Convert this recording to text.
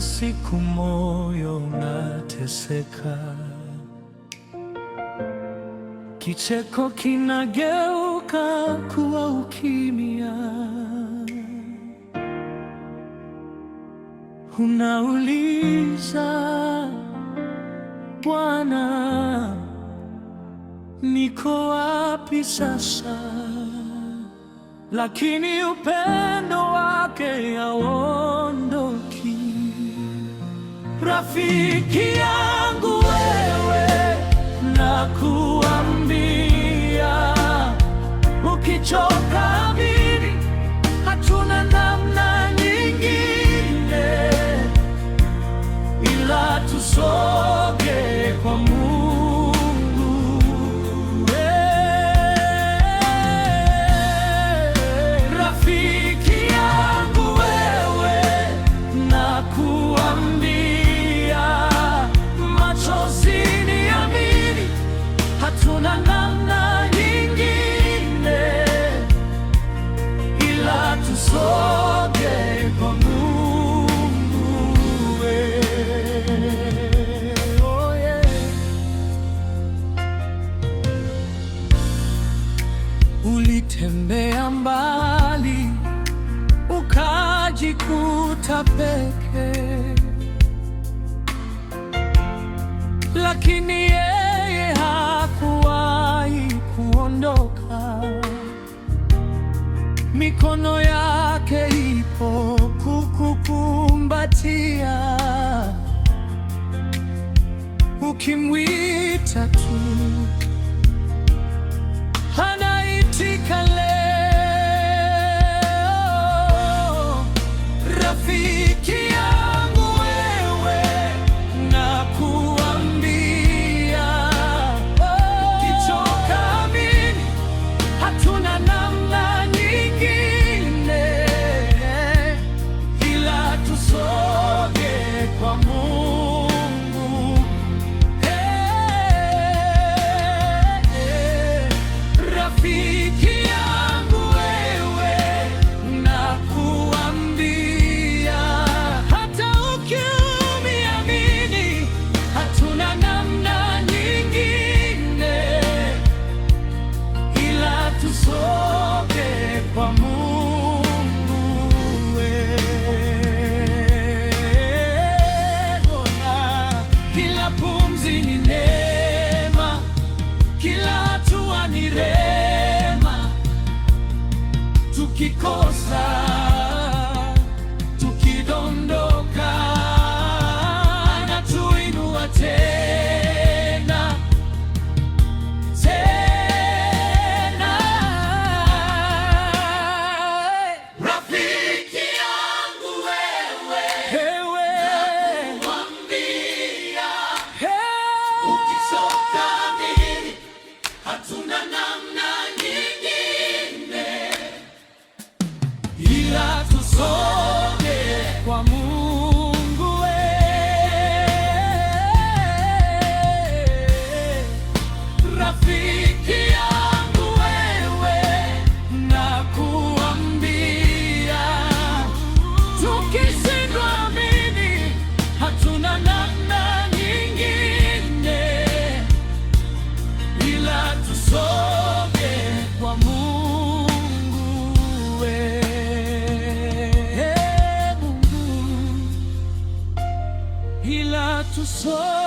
siku moyo unateseka, kicheko kinageuka kuwa ukimya, unauliza Bwana, niko wapi sasa? Lakini upendo rafiki yangu wewe, nakuambia ukichoka amini, hatuna namna nyingine ila sobie Ulitembea mbali ukajikuta peke, lakini yeye hakuwahi kuondoka mikono ya ninapokukumbatia ukimwita tukikosa, tukidondoka na tuinua tena tena. Rafiki yangu wewe, wewe, hatuna namna sou. so